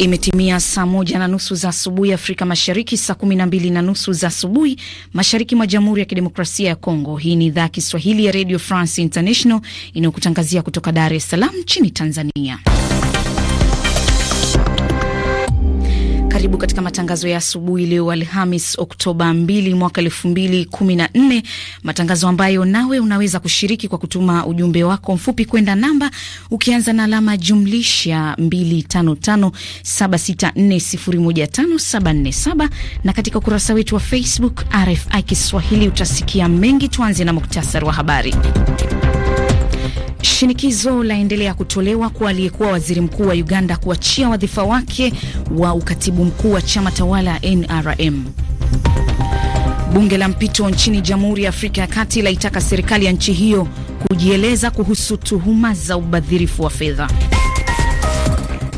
Imetimia saa moja na nusu za asubuhi Afrika Mashariki, saa kumi na mbili na nusu za asubuhi mashariki mwa Jamhuri ya Kidemokrasia ya Kongo. Hii ni idhaa ya Kiswahili ya Radio France International inayokutangazia kutoka Dar es Salaam nchini Tanzania. Karibu katika matangazo ya asubuhi leo Alhamis, Oktoba 2 mwaka 2014, matangazo ambayo nawe unaweza kushiriki kwa kutuma ujumbe wako mfupi kwenda namba ukianza na alama jumlisha 255764015747 na katika ukurasa wetu wa Facebook RFI Kiswahili utasikia mengi. Tuanze na muktasari wa habari. Shinikizo laendelea kutolewa kwa aliyekuwa waziri mkuu wa Uganda kuachia wadhifa wake wa ukatibu mkuu wa chama tawala NRM. Bunge la mpito nchini Jamhuri ya Afrika ya Kati laitaka serikali ya nchi hiyo kujieleza kuhusu tuhuma za ubadhirifu wa fedha.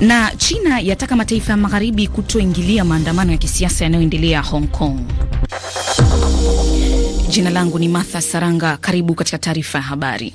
Na China yataka mataifa ya magharibi kutoingilia maandamano ya kisiasa yanayoendelea Hong Kong. Jina langu ni Martha Saranga, karibu katika taarifa ya habari.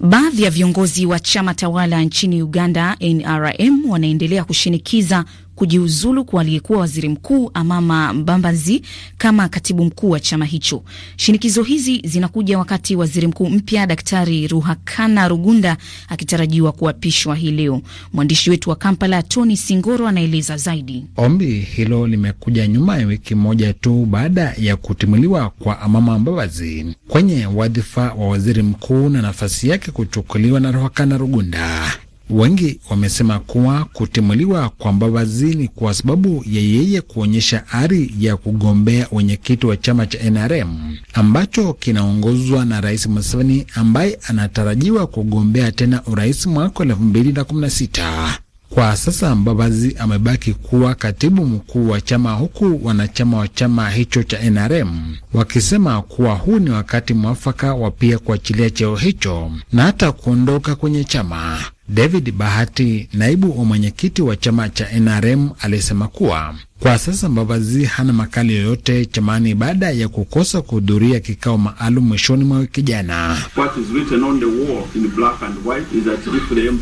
Baadhi ya viongozi wa chama tawala nchini Uganda NRM wanaendelea kushinikiza kujiuzulu kwa aliyekuwa waziri mkuu Amama Mbambazi kama katibu mkuu wa chama hicho. Shinikizo hizi zinakuja wakati waziri mkuu mpya Daktari Ruhakana Rugunda akitarajiwa kuapishwa hii leo. Mwandishi wetu wa Kampala Tony Singoro anaeleza zaidi. Ombi hilo limekuja nyuma ya wiki moja tu baada ya kutimuliwa kwa Amama Mbabazi kwenye wadhifa wa waziri mkuu na nafasi yake kuchukuliwa na Ruhakana Rugunda. Wengi wamesema kuwa kutimuliwa kwa Mbavazi ni kwa sababu ya yeye kuonyesha ari ya kugombea wenyekiti wa chama cha NRM ambacho kinaongozwa na Rais Museveni ambaye anatarajiwa kugombea tena urais mwaka elfu mbili na kumi na sita. Kwa sasa Mbavazi amebaki kuwa katibu mkuu wa chama huku wanachama wa chama hicho cha NRM wakisema kuwa huu ni wakati mwafaka wa pia kuachilia cheo hicho na hata kuondoka kwenye chama. David Bahati, naibu wa mwenyekiti wa chama cha NRM, alisema kuwa kwa sasa Mbavazi hana makali yoyote chamani baada ya kukosa kuhudhuria kikao maalum mwishoni mwa wiki jana.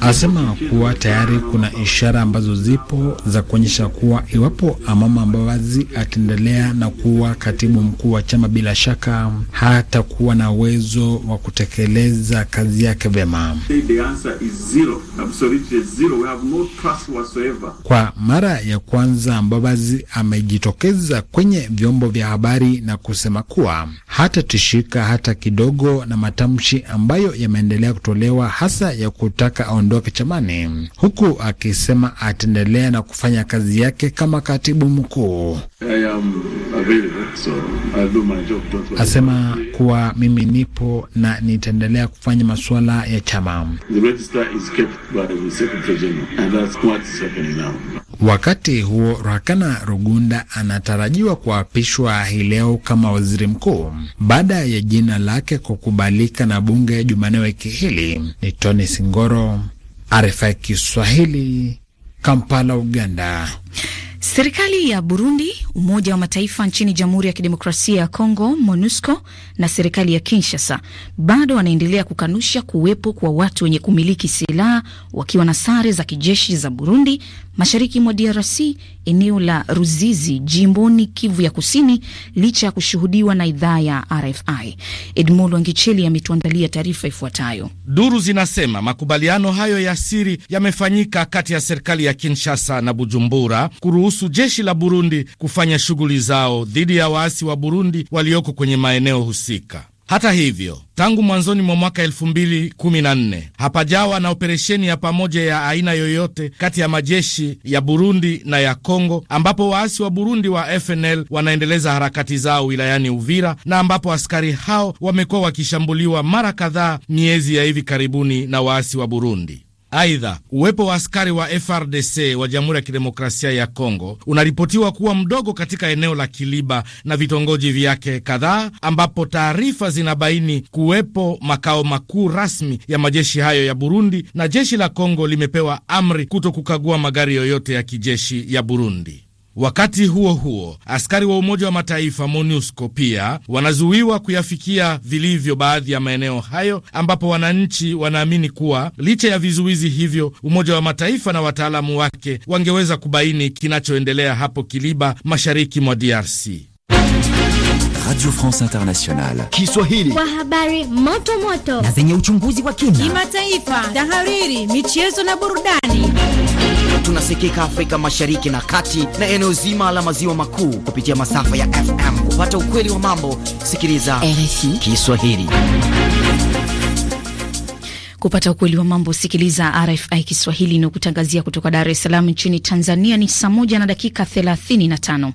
Asema kuwa tayari kuna ishara ambazo zipo za kuonyesha kuwa iwapo Amama Mbavazi ataendelea na kuwa katibu mkuu wa chama, bila shaka hatakuwa na uwezo wa kutekeleza kazi yake vyema. Kwa mara ya kwanza Mbabazi Mattis amejitokeza kwenye vyombo vya habari na kusema kuwa hatatishika hata kidogo na matamshi ambayo yameendelea kutolewa hasa ya kutaka aondoke chamani, huku akisema ataendelea na kufanya kazi yake kama katibu mkuu. asema kuwa mimi nipo na nitaendelea kufanya masuala ya chama. Wakati huo Rakana Rugunda anatarajiwa kuapishwa hii leo kama waziri mkuu baada ya jina lake kukubalika na bunge Jumanne wiki hili. Ni Tony Singoro, RFI Kiswahili, Kampala, Uganda. Serikali ya Burundi, Umoja wa Mataifa nchini Jamhuri ya Kidemokrasia ya Kongo, MONUSCO, na serikali ya Kinshasa bado wanaendelea kukanusha kuwepo kwa watu wenye kumiliki silaha wakiwa na sare za kijeshi za Burundi mashariki mwa DRC, eneo la Ruzizi, jimboni Kivu ya Kusini, licha ya kushuhudiwa na idhaa ya RFI. Edmond Wangicheli ametuandalia taarifa ifuatayo. Duru zinasema makubaliano hayo ya siri yamefanyika kati ya serikali ya Kinshasa na Bujumbura kuruhusu jeshi la Burundi kufanya shughuli zao dhidi ya waasi wa Burundi walioko kwenye maeneo husika. Hata hivyo, tangu mwanzoni mwa mwaka 2014 hapajawa na operesheni ya pamoja ya aina yoyote kati ya majeshi ya Burundi na ya Kongo, ambapo waasi wa Burundi wa FNL wanaendeleza harakati zao wilayani Uvira na ambapo askari hao wamekuwa wakishambuliwa mara kadhaa miezi ya hivi karibuni na waasi wa Burundi. Aidha, uwepo wa askari wa FRDC wa Jamhuri ya Kidemokrasia ya Kongo unaripotiwa kuwa mdogo katika eneo la Kiliba na vitongoji vyake kadhaa, ambapo taarifa zinabaini kuwepo makao makuu rasmi ya majeshi hayo ya Burundi, na jeshi la Kongo limepewa amri kuto kukagua magari yoyote ya kijeshi ya Burundi. Wakati huo huo, askari wa Umoja wa Mataifa MONUSCO pia wanazuiwa kuyafikia vilivyo baadhi ya maeneo hayo, ambapo wananchi wanaamini kuwa licha ya vizuizi hivyo, Umoja wa Mataifa na wataalamu wake wangeweza kubaini kinachoendelea hapo Kiliba, mashariki mwa DRC. Radio France Internationale Kiswahili, kwa habari moto moto na zenye uchunguzi wa kina, kimataifa, tahariri, michezo na burudani tunasikika Afrika Mashariki na Kati na eneo zima la maziwa makuu kupitia masafa ya FM. Kupata ukweli wa mambo, sikiliza RFI Kiswahili. Kupata ukweli wa mambo, sikiliza RFI Kiswahili inayokutangazia kutoka Dar es Salaam nchini Tanzania. Ni saa moja na dakika 35.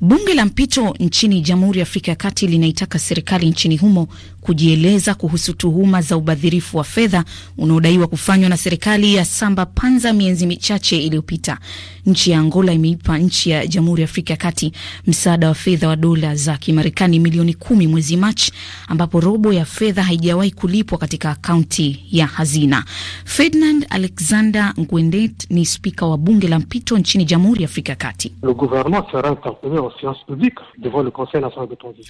Bunge la mpito nchini Jamhuri ya Afrika ya Kati linaitaka serikali nchini humo kujieleza kuhusu tuhuma za ubadhirifu wa fedha unaodaiwa kufanywa na serikali ya Samba Panza miezi michache iliyopita. Nchi ya Angola imeipa nchi ya Jamhuri ya Afrika ya Kati msaada wa fedha wa dola za Kimarekani milioni kumi mwezi Machi, ambapo robo ya fedha haijawahi kulipwa katika akaunti ya hazina. Ferdinand Alexander Nguendet ni spika wa bunge la mpito nchini Jamhuri ya Afrika ya Kati.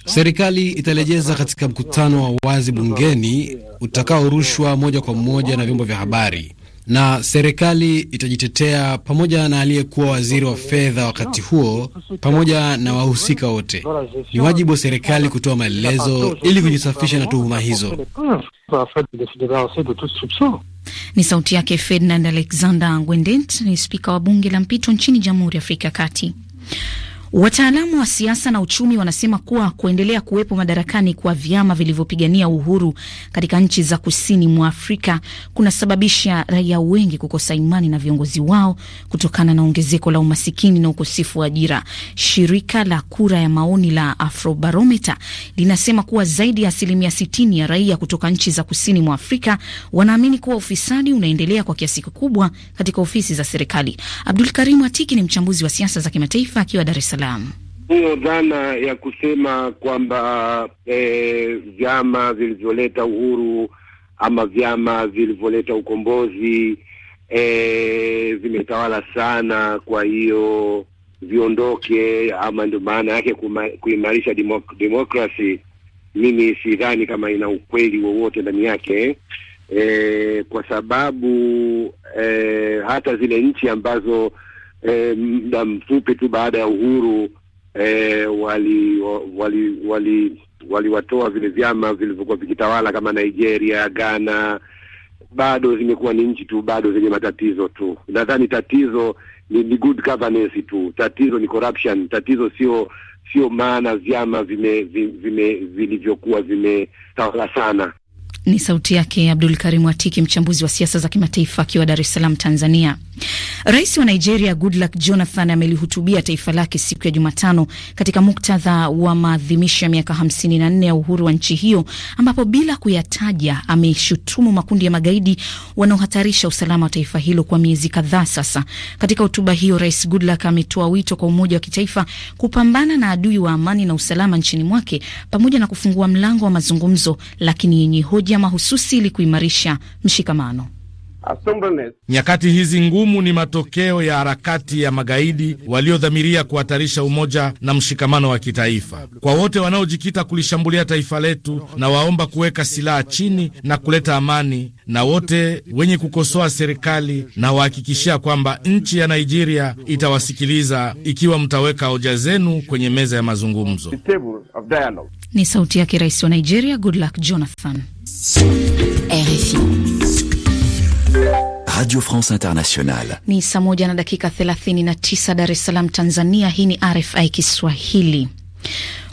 Serikali italejeza katika mkutano wa wazi bungeni utakaorushwa moja kwa moja na vyombo vya habari na serikali itajitetea pamoja na aliyekuwa waziri wa fedha wakati huo pamoja na wahusika wote. Ni wajibu wa serikali kutoa maelezo ili kujisafisha na tuhuma hizo. Ni sauti yake Ferdinand Alexander Ngwendet, ni spika wa bunge la mpito nchini Jamhuri ya Afrika ya Kati. Wataalamu wa siasa na uchumi wanasema kuwa kuendelea kuwepo madarakani kwa vyama vilivyopigania uhuru katika nchi za kusini mwa Afrika kunasababisha raia wengi kukosa imani na viongozi wao kutokana na ongezeko la umasikini na ukosefu wa ajira. Shirika la kura ya maoni la Afrobarometa linasema kuwa zaidi ya asilimia sitini ya raia kutoka nchi za kusini mwa Afrika wanaamini kuwa ufisadi unaendelea kwa kiasi kikubwa katika ofisi za serikali. Abdul Karimu Atiki ni mchambuzi wa siasa za kimataifa akiwa Dar es Salaam. Salaam. Hiyo dhana ya kusema kwamba e, vyama vilivyoleta uhuru ama vyama vilivyoleta ukombozi e, vimetawala sana, kwa hiyo viondoke, ama ndio maana yake kuimarisha demok demokrasi, mimi sidhani kama ina ukweli wowote ndani yake e, kwa sababu e, hata zile nchi ambazo eh, muda mfupi tu baada ya uhuru e, eh, waliwatoa wali, wali, wali vile vyama vilivyokuwa vikitawala kama Nigeria, Ghana bado zimekuwa ni nchi tu bado zenye matatizo tu. Nadhani tatizo ni, ni good governance tu, tatizo ni corruption. Tatizo sio sio maana vyama vime vilivyokuwa vime, vilivyokuwa vimetawala sana. Ni sauti yake Abdul Karim Watiki, mchambuzi wa siasa za kimataifa akiwa Dar es Salaam, Tanzania. Rais wa Nigeria Goodluck Jonathan amelihutubia taifa lake siku ya Jumatano katika muktadha wa maadhimisho ya miaka 54 ya uhuru wa nchi hiyo, ambapo bila kuyataja ameshutumu makundi ya magaidi wanaohatarisha usalama wa taifa hilo kwa miezi kadhaa sasa. Katika hotuba hiyo, Rais Goodluck ametoa wito kwa umoja wa kitaifa kupambana na adui wa amani na usalama nchini mwake pamoja na kufungua mlango wa mazungumzo, lakini yenye hoja teknolojia mahususi ili kuimarisha mshikamano. Nyakati hizi ngumu ni matokeo ya harakati ya magaidi waliodhamiria kuhatarisha umoja na mshikamano wa kitaifa. Kwa wote wanaojikita kulishambulia taifa letu, na waomba kuweka silaha chini na kuleta amani, na wote wenye kukosoa serikali, na wahakikishia kwamba nchi ya Nigeria itawasikiliza ikiwa mtaweka hoja zenu kwenye meza ya mazungumzo. Ni sauti yake rais wa Nigeria, Goodluck Jonathan. RFI Radio France Internationale. Ni saa moja na dakika 39 Dar es Salaam, Tanzania. Hii ni RFI Kiswahili.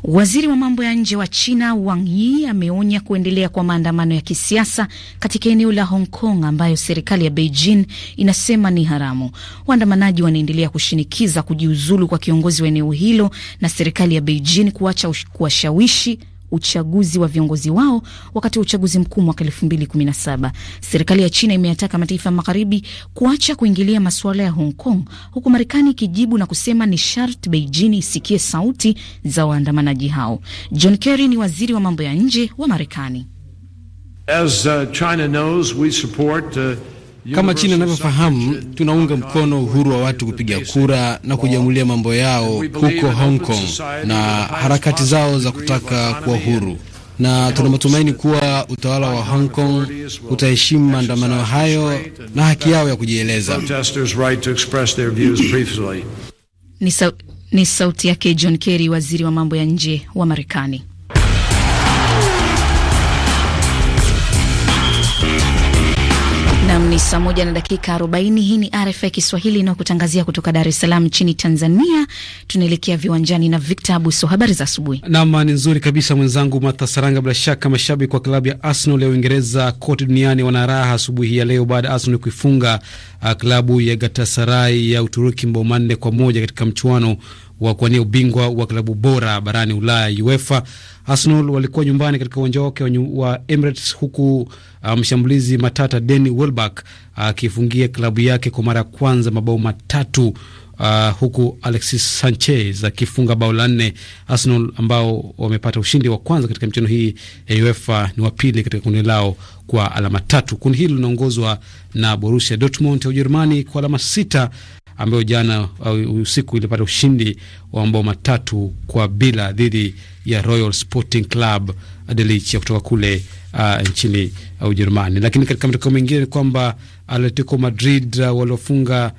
Waziri wa mambo ya nje wa China Wang Yi ameonya kuendelea kwa maandamano ya kisiasa katika eneo la Hong Kong ambayo serikali ya Beijing inasema ni haramu. Waandamanaji wanaendelea kushinikiza kujiuzulu kwa kiongozi wa eneo hilo na serikali ya Beijing kuacha kuwashawishi uchaguzi wa viongozi wao wakati wa uchaguzi mkuu mwaka 2017. Serikali ya China imeyataka mataifa magharibi kuacha kuingilia masuala ya Hong Kong, huku Marekani ikijibu na kusema ni sharti Beijing isikie sauti za waandamanaji hao. John Kerry ni waziri wa mambo ya nje wa Marekani. As, uh, China knows, we support, uh... Kama China inavyofahamu, tunaunga mkono uhuru wa watu kupiga kura na kujiamulia mambo yao huko Hong Kong na harakati zao za kutaka kuwa huru, na tuna matumaini kuwa utawala wa Hong Kong utaheshimu maandamano hayo na haki yao ya kujieleza. Ni sauti yake John Kerry, waziri wa mambo ya nje wa Marekani. Nam ni saa moja na dakika arobaini. Hii ni RFI ya Kiswahili inayokutangazia kutoka Dar es Salaam nchini Tanzania. Tunaelekea viwanjani na Victor Abuso. Habari za asubuhi. Nam ni nzuri kabisa mwenzangu Martha Saranga. Bila shaka mashabiki wa klabu ya Arsenal ya Uingereza kote duniani wana raha asubuhi ya leo baada ya Arsenal kuifunga uh, klabu ya Gatasarai ya Uturuki mabao manne kwa moja katika mchuano wa kuwania ubingwa wa klabu bora barani Ulaya UEFA. Arsenal walikuwa nyumbani katika uwanja wake wa Emirates, huku uh, mshambulizi um, matata Danny Welbeck akifungia uh, klabu yake kwa mara ya kwanza mabao matatu Uh, huku Alexis Sanchez akifunga bao la nne. Arsenal ambao wamepata ushindi wa kwanza katika michuano hii ya UEFA ni wa pili katika kundi lao kwa alama tatu. Kundi hili linaongozwa na Borussia Dortmund ya Ujerumani kwa alama sita ambayo jana usiku ilipata ushindi wa mabao matatu kwa bila dhidi ya Royal Sporting Club Anderlecht ya kutoka kule uh, nchini Ujerumani. Lakini katika matokeo mengine ni kwamba Atletico Madrid uh, waliofunga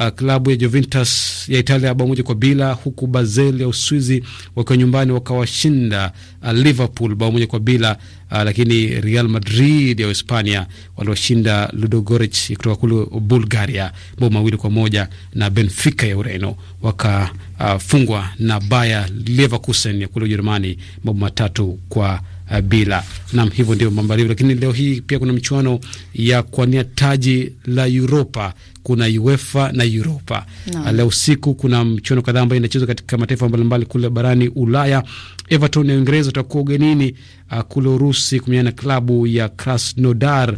Uh, klabu ya Juventus ya Italia bao moja kwa bila, huku Basel ya Uswizi wakiwa nyumbani wakawashinda uh, Liverpool bao moja kwa bila. Uh, lakini Real Madrid ya Hispania waliwashinda Ludogorets kutoka kule Bulgaria bao mawili kwa moja na Benfica ya Ureno wakafungwa uh, na Bayer Leverkusen ya kule Ujerumani bao matatu kwa uh, bila. Naam, hivyo ndio mambo yalivyo, lakini leo hii pia kuna michuano ya kuania taji la Europa, kuna UEFA na Europa no. Leo usiku kuna mchuano kadhaa ambayo inachezwa katika mataifa mbalimbali kule barani Ulaya. Everton ya Uingereza watakuwa ugenini uh, kule Urusi kumenyana na klabu ya Krasnodar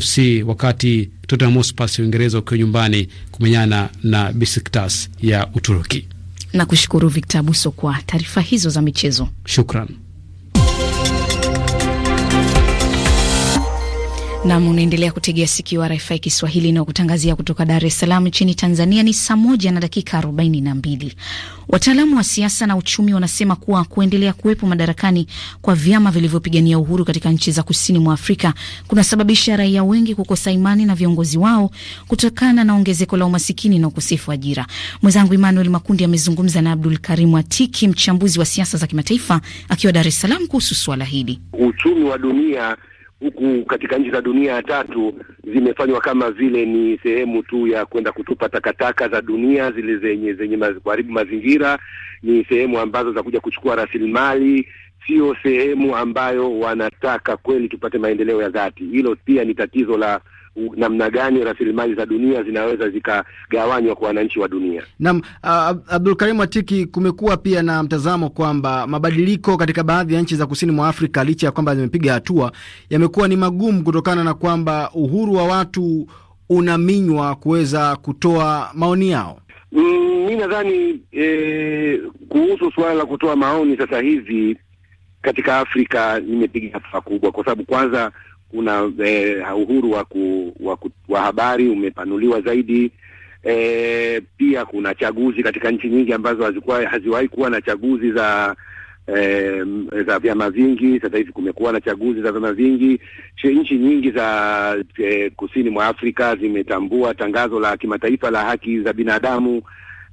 FC, wakati Tottenham Hotspur ya Uingereza wakiwa nyumbani kumenyana na Besiktas ya Uturuki. Nakushukuru Victor Buso kwa taarifa hizo za michezo, shukran. Nam, unaendelea kutegea sikio RFI Kiswahili na kutangazia kutoka Dar es Salaam nchini Tanzania. Ni saa moja na dakika arobaini na mbili. Wataalamu wa siasa na uchumi wanasema kuwa kuendelea kuwepo madarakani kwa vyama vilivyopigania uhuru katika nchi za kusini mwa Afrika kunasababisha raia wengi kukosa imani na viongozi wao kutokana na ongezeko la umasikini na ukosefu wa ajira. Mwenzangu Emmanuel Makundi amezungumza na Abdul Karimu Atiki, mchambuzi wa siasa za kimataifa akiwa Dar es Salaam kuhusu suala hili. Uchumi wa dunia huku katika nchi za dunia ya tatu zimefanywa kama vile ni sehemu tu ya kwenda kutupa takataka za dunia zile zenye zenye kuharibu mazingira, ni sehemu ambazo za kuja kuchukua rasilimali, sio sehemu ambayo wanataka kweli tupate maendeleo ya dhati. Hilo pia ni tatizo la namna gani rasilimali za dunia zinaweza zikagawanywa kwa wananchi wa dunia. Naam, Abdul Karim Atiki, kumekuwa pia na mtazamo kwamba mabadiliko katika baadhi ya nchi za kusini mwa Afrika licha ya kwamba zimepiga hatua, yamekuwa ni magumu kutokana na kwamba uhuru wa watu unaminywa kuweza kutoa maoni yao. Mm, mi nadhani eh, kuhusu suala la kutoa maoni sasa hivi katika Afrika nimepiga hatua kubwa, kwa sababu kwanza kuna eh, uhuru wa ku, wa, ku, wa habari umepanuliwa zaidi. E, pia kuna chaguzi katika nchi nyingi ambazo hazikuwa haziwahi kuwa na chaguzi za e, za vyama vingi. Sasa hivi kumekuwa na chaguzi za vyama vingi. Nchi nyingi za e, kusini mwa Afrika zimetambua tangazo la kimataifa la haki za binadamu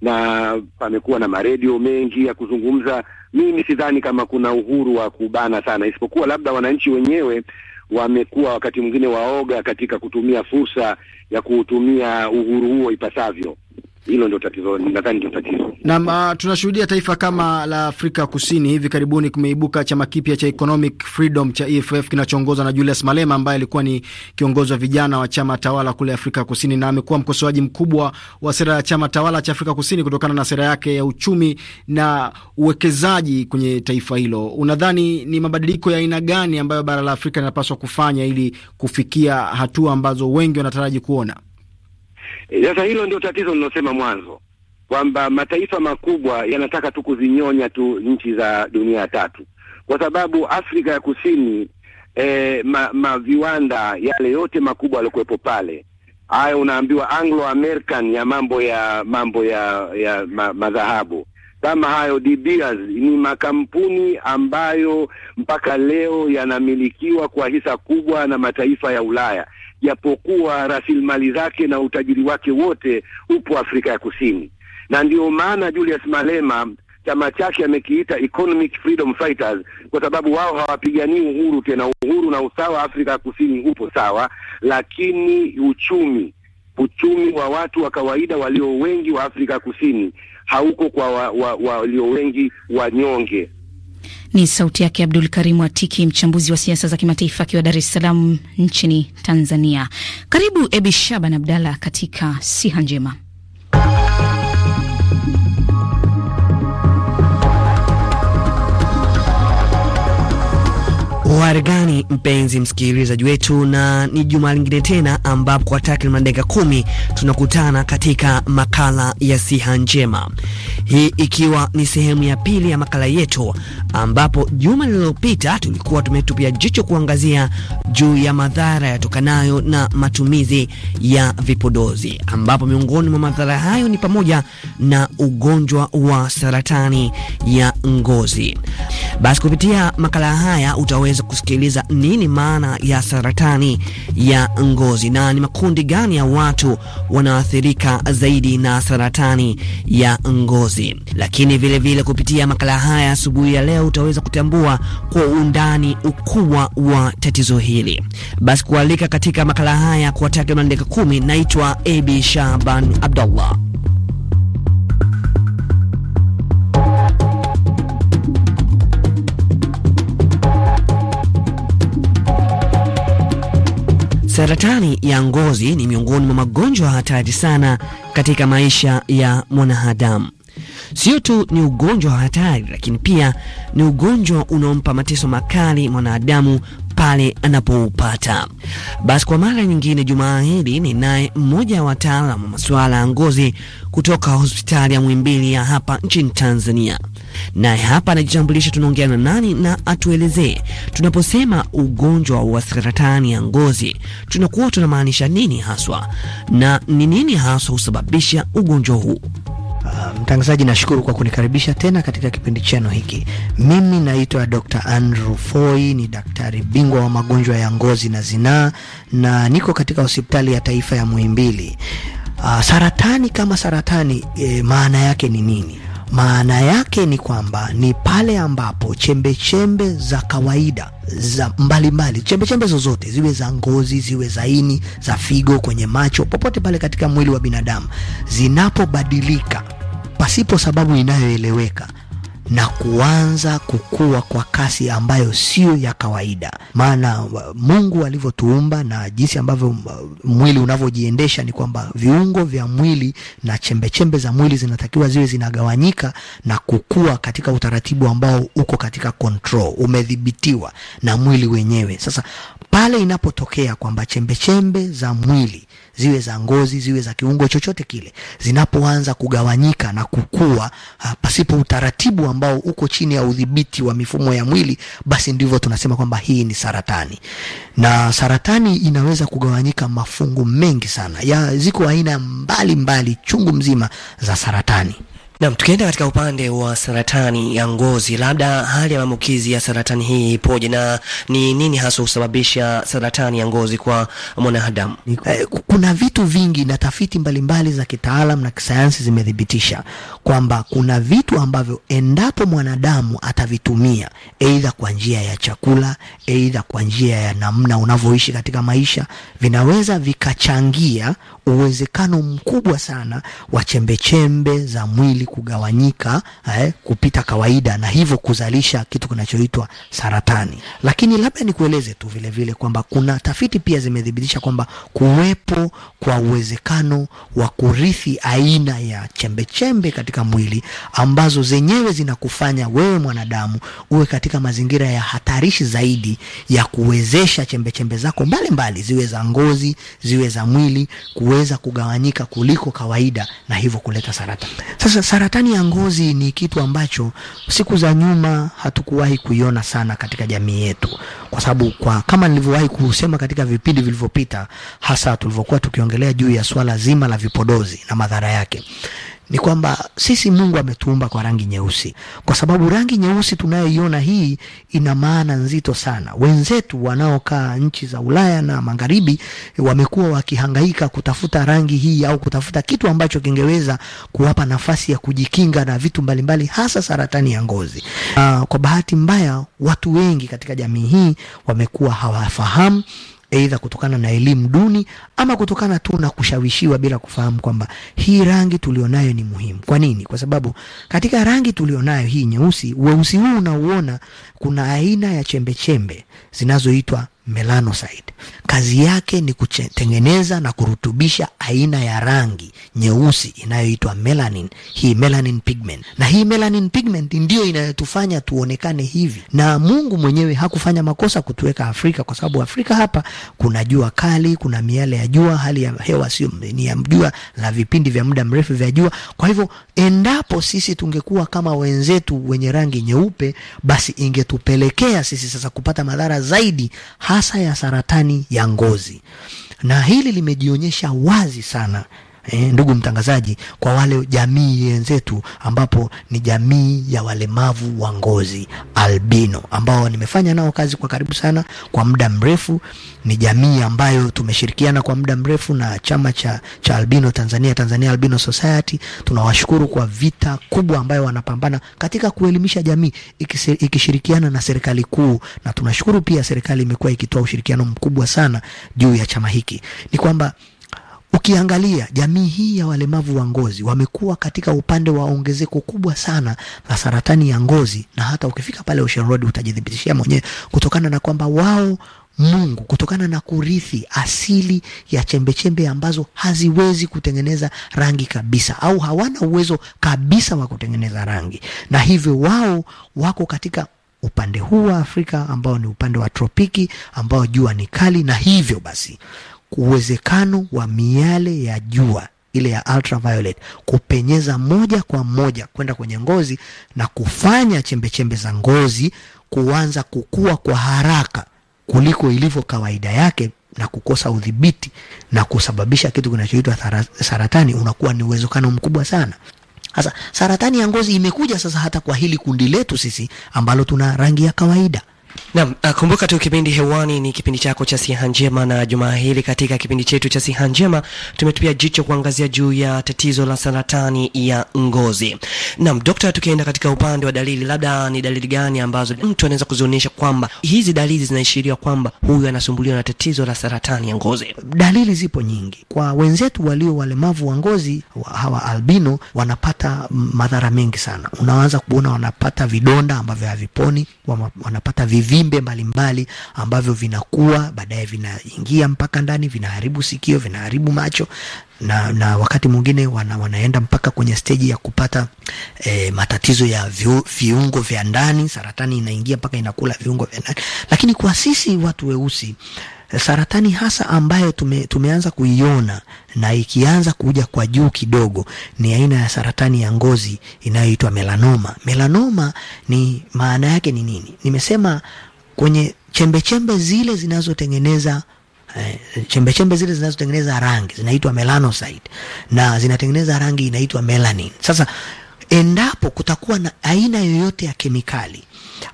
na pamekuwa na maredio mengi ya kuzungumza. Mimi sidhani kama kuna uhuru wa kubana sana, isipokuwa labda wananchi wenyewe wamekuwa wakati mwingine waoga katika kutumia fursa ya kuutumia uhuru huo ipasavyo. Hilo ndio tatizo, nadhani ndio tatizo. Na uh, ah, tunashuhudia taifa kama la Afrika Kusini hivi karibuni kumeibuka chama kipya cha Economic Freedom cha EFF kinachoongozwa na Julius Malema ambaye alikuwa ni kiongozi wa vijana wa chama tawala kule Afrika Kusini, na amekuwa mkosoaji mkubwa wa sera ya chama tawala cha Afrika Kusini kutokana na sera yake ya uchumi na uwekezaji kwenye taifa hilo. Unadhani ni mabadiliko ya aina gani ambayo bara la Afrika linapaswa kufanya ili kufikia hatua ambazo wengi wanataraji kuona? Eh, sasa hilo ndio tatizo nilosema mwanzo kwamba mataifa makubwa yanataka tu kuzinyonya tu nchi za dunia ya tatu, kwa sababu Afrika ya Kusini e, eh, maviwanda ma yale yote makubwa yaliokuwepo pale haya unaambiwa Anglo American ya mambo ya mambo ya ya ma, madhahabu kama hayo De Beers ni makampuni ambayo mpaka leo yanamilikiwa kwa hisa kubwa na mataifa ya Ulaya japokuwa rasilimali zake na utajiri wake wote upo Afrika ya Kusini, na ndio maana Julius Malema chama chake amekiita Economic Freedom Fighters kwa sababu wao hawapiganii uhuru tena. Uhuru na usawa Afrika ya Kusini upo sawa, lakini uchumi uchumi wa watu wa kawaida walio wengi wa Afrika Kusini hauko kwa walio wa, wa, wengi wanyonge. Ni sauti yake Abdul Karimu Atiki, mchambuzi wa siasa za kimataifa akiwa Dar es Salaam nchini Tanzania. Karibu Ebi Shaban Abdalla katika Siha Njema. Uharigani mpenzi msikilizaji wetu, na ni juma lingine tena ambapo kwa takriban dakika kumi tunakutana katika makala ya siha njema, hii ikiwa ni sehemu ya pili ya makala yetu, ambapo juma lililopita tulikuwa tumetupia jicho kuangazia juu ya madhara yatokanayo na matumizi ya vipodozi, ambapo miongoni mwa madhara hayo ni pamoja na ugonjwa wa saratani ya ngozi. Basi kupitia makala haya utaweza kusikiliza nini maana ya saratani ya ngozi na ni makundi gani ya watu wanaoathirika zaidi na saratani ya ngozi. Lakini vile vile kupitia makala haya asubuhi ya leo utaweza kutambua kwa undani ukubwa wa tatizo hili. Basi kualika katika makala haya kwa takriban dakika kumi. Naitwa Abi Shaban Abdullah. Saratani ya ngozi ni miongoni mwa magonjwa hatari sana katika maisha ya mwanadamu. Sio tu ni ugonjwa wa hatari, lakini pia ni ugonjwa unaompa mateso makali mwanadamu pale anapoupata. Basi kwa mara nyingine jumaa hili ni naye mmoja wa wataalamu wa masuala ya ngozi kutoka hospitali ya Muhimbili ya hapa nchini Tanzania, naye hapa anajitambulisha, tunaongea na nani na atuelezee tunaposema ugonjwa wa saratani ya ngozi tunakuwa tunamaanisha nini haswa na ni nini haswa husababisha ugonjwa huu. Ah, mtangazaji, nashukuru kwa kunikaribisha tena katika kipindi chenu hiki. Mimi naitwa Dr. Andrew Foy, ni daktari bingwa wa magonjwa ya ngozi na zinaa na niko katika hospitali ya taifa ya Muhimbili. Uh, saratani kama saratani e, maana yake ni nini? Maana yake ni kwamba ni pale ambapo chembechembe chembe za kawaida za mbalimbali, chembechembe zozote ziwe za ngozi, ziwe za ini, za figo, kwenye macho, popote pale katika mwili wa binadamu zinapobadilika pasipo sababu inayoeleweka na kuanza kukua kwa kasi ambayo siyo ya kawaida. Maana Mungu alivyotuumba na jinsi ambavyo uh, mwili unavyojiendesha ni kwamba viungo vya mwili na chembechembe za mwili zinatakiwa ziwe zinagawanyika na kukua katika utaratibu ambao uko katika control, umedhibitiwa na mwili wenyewe. Sasa pale inapotokea kwamba chembechembe za mwili ziwe za ngozi, ziwe za kiungo chochote kile, zinapoanza kugawanyika na kukua ha, ah, pasipo utaratibu ambao uko chini ya udhibiti wa mifumo ya mwili, basi ndivyo tunasema kwamba hii ni saratani. Na saratani inaweza kugawanyika mafungu mengi sana ya, ziko aina mbalimbali chungu mzima za saratani. Nam, tukienda katika upande wa saratani ya ngozi, labda hali ya maambukizi ya saratani hii ipoje na ni nini hasa husababisha saratani ya ngozi kwa mwanadamu? Eh, kuna vitu vingi na tafiti mbalimbali za kitaalam na kisayansi zimethibitisha kwamba kuna vitu ambavyo endapo mwanadamu atavitumia aidha kwa njia ya chakula, aidha kwa njia ya namna unavyoishi katika maisha, vinaweza vikachangia uwezekano mkubwa sana wa chembechembe za mwili mwili kugawanyika eh, kupita kawaida na hivyo kuzalisha kitu kinachoitwa saratani. Lakini labda nikueleze tu vile vile kwamba kuna tafiti pia zimethibitisha kwamba kuwepo kwa uwezekano wa kurithi aina ya chembe chembe katika mwili ambazo zenyewe zinakufanya wewe mwanadamu uwe katika mazingira ya hatarishi zaidi ya kuwezesha chembe chembe zako mbalimbali mbali, ziwe za ngozi ziwe za mwili kuweza kugawanyika kuliko kawaida na hivyo kuleta saratani. Sasa Saratani ya ngozi ni kitu ambacho siku za nyuma hatukuwahi kuiona sana katika jamii yetu, kwa sababu kwa kama nilivyowahi kusema katika vipindi vilivyopita, hasa tulivyokuwa tukiongelea juu ya swala zima la vipodozi na madhara yake ni kwamba sisi Mungu ametuumba kwa rangi nyeusi, kwa sababu rangi nyeusi tunayoiona hii ina maana nzito sana. Wenzetu wanaokaa nchi za Ulaya na magharibi wamekuwa wakihangaika kutafuta rangi hii au kutafuta kitu ambacho kingeweza kuwapa nafasi ya kujikinga na vitu mbalimbali, hasa saratani ya ngozi. Ah, kwa bahati mbaya watu wengi katika jamii hii wamekuwa hawafahamu aidha kutokana na elimu duni ama kutokana tu na kushawishiwa bila kufahamu kwamba hii rangi tulionayo ni muhimu. Kwa nini? Kwa sababu katika rangi tulionayo hii nyeusi, weusi huu unauona, kuna aina ya chembechembe zinazoitwa melanocyte. Kazi yake ni kutengeneza na kurutubisha aina ya rangi nyeusi inayoitwa melanin, hii melanin pigment. Na hii melanin pigment ndiyo inayotufanya tuonekane hivi, na Mungu mwenyewe hakufanya makosa kutuweka Afrika, kwa sababu Afrika hapa kuna jua kali, kuna miale ya jua, hali ya hewa sio ni ya jua la vipindi vya muda mrefu vya jua. Kwa hivyo, endapo sisi tungekuwa kama wenzetu wenye rangi nyeupe, basi ingetupelekea sisi sasa kupata madhara zaidi ha hasa ya saratani ya ngozi, na hili limejionyesha wazi sana eh, ndugu mtangazaji, kwa wale jamii wenzetu ambapo ni jamii ya walemavu wa ngozi albino, ambao nimefanya nao kazi kwa karibu sana kwa muda mrefu. Ni jamii ambayo tumeshirikiana kwa muda mrefu na chama cha, cha albino Tanzania, Tanzania Albino Society. Tunawashukuru kwa vita kubwa ambayo wanapambana katika kuelimisha jamii ikishirikiana na serikali kuu, na tunashukuru pia serikali imekuwa ikitoa ushirikiano mkubwa sana juu ya chama hiki. Ni kwamba Ukiangalia jamii hii ya walemavu wa ngozi wamekuwa katika upande wa ongezeko kubwa sana la saratani ya ngozi, na hata ukifika pale Ocean Road utajithibitishia mwenyewe kutokana na kwamba wao Mungu kutokana na kurithi asili ya chembechembe -chembe ambazo haziwezi kutengeneza rangi kabisa au hawana uwezo kabisa wa kutengeneza rangi, na hivyo wao wako katika upande huu wa Afrika ambao ni upande wa tropiki ambao jua ni kali, na hivyo basi uwezekano wa miale ya jua ile ya ultraviolet kupenyeza moja kwa moja kwenda kwenye ngozi na kufanya chembechembe za ngozi kuanza kukua kwa haraka kuliko ilivyo kawaida yake na kukosa udhibiti na kusababisha kitu kinachoitwa saratani, unakuwa ni uwezekano mkubwa sana. Sasa saratani ya ngozi imekuja sasa hata kwa hili kundi letu sisi ambalo tuna rangi ya kawaida. Naam, ah, kumbuka tu kipindi hewani ni kipindi chako cha siha njema, na jumaa hili katika kipindi chetu cha siha njema tumetupia jicho kuangazia juu ya tatizo la saratani ya ngozi. Naam, dokta, tukienda katika upande wa dalili, labda ni dalili gani ambazo mtu anaweza kuzionyesha kwamba hizi dalili zinaishiria kwamba huyu anasumbuliwa na tatizo la saratani ya ngozi? Dalili zipo nyingi. Kwa wenzetu walio walemavu wa ngozi, hawa albino, wanapata madhara mengi sana. Unaanza kuona wanapata vidonda ambavyo haviponi, wanapata vivi vivimbe mbalimbali ambavyo vinakuwa baadaye vinaingia mpaka ndani, vinaharibu sikio, vinaharibu macho na, na wakati mwingine wana, wanaenda mpaka kwenye steji ya kupata e, matatizo ya vio, viungo vya ndani. Saratani inaingia mpaka inakula viungo vya ndani, lakini kwa sisi watu weusi Eh, saratani hasa ambayo tume, tumeanza kuiona na ikianza kuja kwa juu kidogo ni aina ya saratani ya ngozi inayoitwa melanoma. Melanoma ni maana yake ni nini? Nimesema kwenye chembechembe -chembe zile zinazotengeneza chembechembe eh, chembe zile zinazotengeneza rangi zinaitwa melanocyte na zinatengeneza rangi inaitwa melanin. Sasa endapo kutakuwa na aina yoyote ya kemikali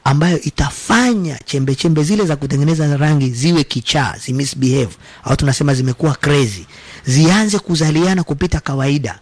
ambayo itafanya chembechembe chembe zile za kutengeneza rangi ziwe kichaa, zi misbehave au tunasema zimekuwa crazy, zianze kuzaliana kupita kawaida,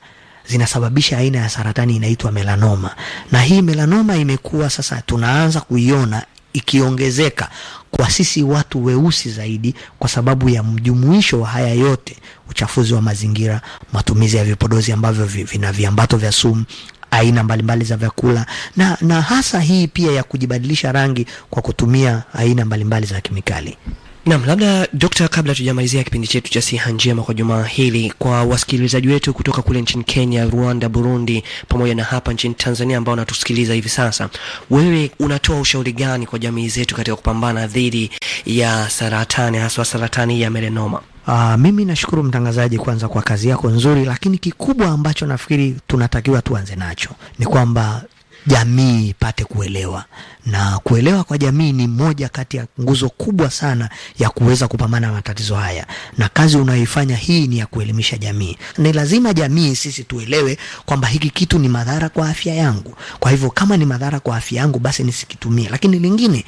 zinasababisha aina ya saratani inaitwa melanoma. Na hii melanoma imekuwa sasa tunaanza kuiona ikiongezeka kwa sisi watu weusi zaidi, kwa sababu ya mjumuisho wa haya yote: uchafuzi wa mazingira, matumizi ya vipodozi ambavyo vina viambato vya sumu, aina mbalimbali za vyakula na, na hasa hii pia ya kujibadilisha rangi kwa kutumia aina mbalimbali za kemikali. Naam, labda dokta, kabla tujamalizia kipindi chetu cha siha njema kwa jumaa hili, kwa wasikilizaji wetu kutoka kule nchini Kenya, Rwanda, Burundi pamoja na hapa nchini Tanzania ambao wanatusikiliza hivi sasa, wewe unatoa ushauri gani kwa jamii zetu katika kupambana dhidi ya saratani, haswa saratani ya melanoma? Aa, ah, mimi nashukuru mtangazaji kwanza kwa kazi yako nzuri, lakini kikubwa ambacho nafikiri tunatakiwa tuanze nacho ni kwamba jamii ipate kuelewa, na kuelewa kwa jamii ni moja kati ya nguzo kubwa sana ya kuweza kupambana na matatizo haya, na kazi unayoifanya hii ni ya kuelimisha jamii. Ni lazima jamii sisi tuelewe kwamba hiki kitu ni madhara kwa afya yangu, kwa hivyo kama ni madhara kwa afya yangu, basi nisikitumie. Lakini lingine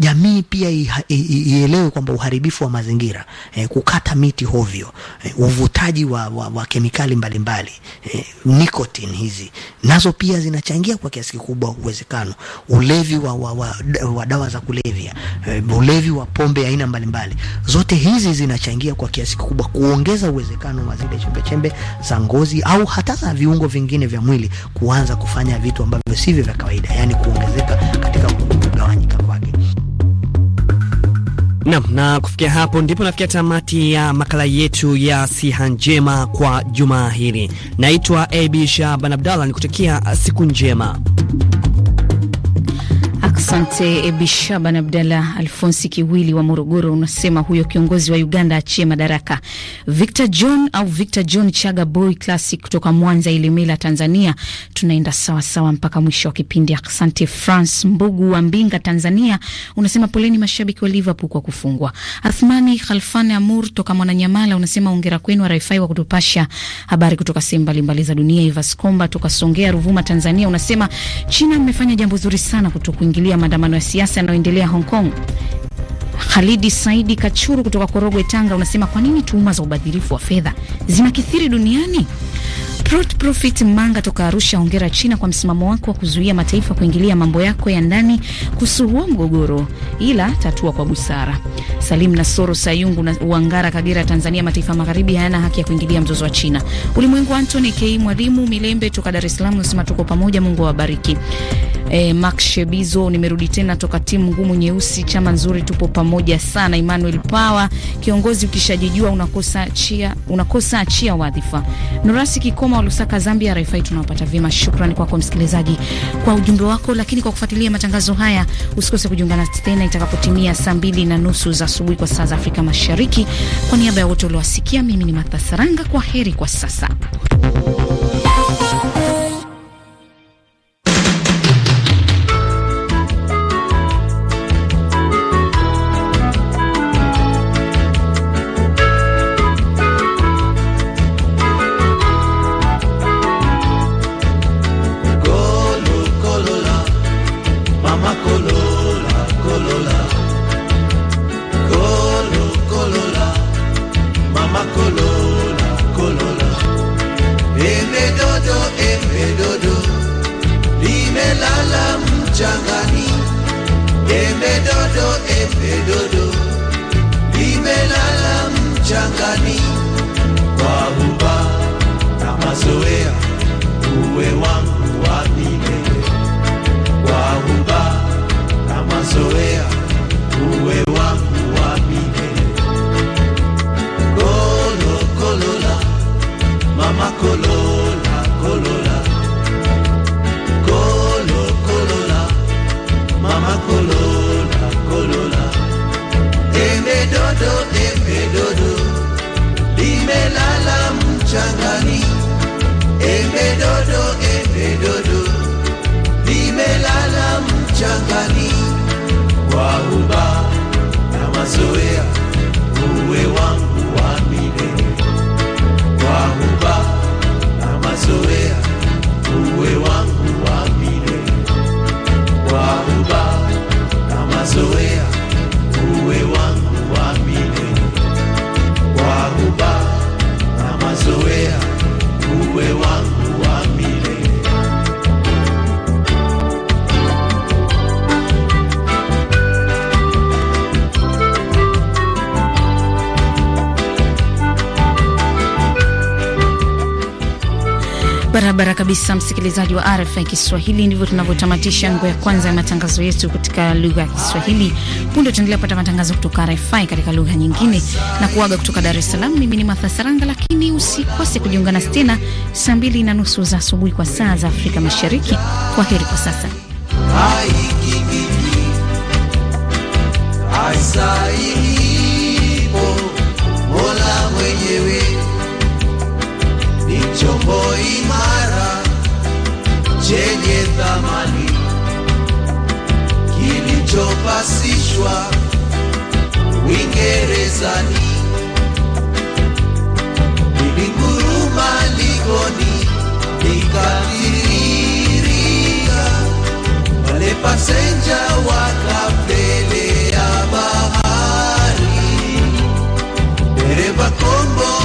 jamii pia ielewe kwamba uharibifu wa mazingira e, kukata miti hovyo e, uvutaji wa, wa, wa kemikali mbalimbali mbali, eh, nikotini hizi nazo pia zinachangia kwa kiasi kikubwa uwezekano ulevi wa, wa, wa, wa dawa za kulevya e, ulevi wa pombe aina mbalimbali, zote hizi zinachangia kwa kiasi kikubwa kuongeza uwezekano wa zile chembechembe za ngozi au hata za viungo vingine vya mwili kuanza kufanya vitu ambavyo sivyo vya kawaida, yani kuongezeka katika kugawanyika. Naam, na kufikia hapo ndipo nafikia tamati ya makala yetu ya siha njema kwa jumaa hili. Naitwa AB Shaban Abdalla, nikutakia siku njema. Asante Ebishaban eh, Abdallah Alfonsi Kiwili wa Morogoro, unasema huyo kiongozi wa Uganda achie madaraka. Victor John au Victor John Chaga Boy Classic kutoka Mwanza, Ilemela, Tanzania, tunaenda sawasawa sawa mpaka mwisho wa kipindi. Asante France Mbugu wa Mbinga, Tanzania, unasema poleni mashabiki wa Liverpool kwa kufungwa. Athmani Khalfan Amur toka Mwananyamala unasema ongera kwenu Arifai wa kutupasha habari kutoka sehemu mbalimbali za dunia. Ivascomba toka Songea, Ruvuma, Tanzania, unasema China mmefanya jambo zuri sana kutokuingilia kufuatia maandamano ya siasa yanayoendelea Hong Kong. Khalidi Saidi Kachuru kutoka Korogwe, Tanga, unasema kwa nini tuhuma za ubadhirifu wa fedha zinakithiri duniani? Prot Profit Manga toka Arusha, hongera China kwa msimamo wako wa kuzuia mataifa kuingilia mambo yako ya ndani kusuhua mgogoro, ila tatua kwa busara. Salim Nasoro Sayungu na Uangara, Kagera, Tanzania, mataifa magharibi hayana haki ya kuingilia mzozo wa China. Ulimwengu Anthony K Mwalimu Milembe toka Dar es Salaam unasema tuko pamoja, Mungu awabariki. E, Max Shebizo, nimerudi tena toka timu ngumu nyeusi, chama nzuri, tupo pamoja sana. Emmanuel Power, kiongozi ukishajijua unakosa achia, unakosa achia wadhifa. Norasi Kikoma wa Lusaka, Zambia, RFI tunawapata vyema. Shukrani kwako msikilizaji kwa ujumbe wako, lakini kwa kufuatilia matangazo haya usikose kujiunga nasi tena itakapotimia saa mbili na nusu za asubuhi kwa saa za Afrika Mashariki. Kwa niaba ya wote uliowasikia, mimi ni Martha Saranga, kwa heri kwa sasa. kabisa msikilizaji wa RFI Kiswahili, ndivyo tunavyotamatisha ngo ya kwanza ya matangazo yetu katika lugha ya Kiswahili. Punde utaendelea kupata matangazo kutoka RFI katika lugha nyingine, na kuaga kutoka Dar es Salaam. Mimi ni Martha Saranga, lakini usikose kujiunga nasi tena saa mbili na nusu za asubuhi kwa saa za Afrika Mashariki. Kwa heri kwa sasa chombo imara chenye thamani kilichopasishwa Uingerezani ilinguruma ligoni ikatiririka, wale pasenja wakapelea bahari, dereva kombo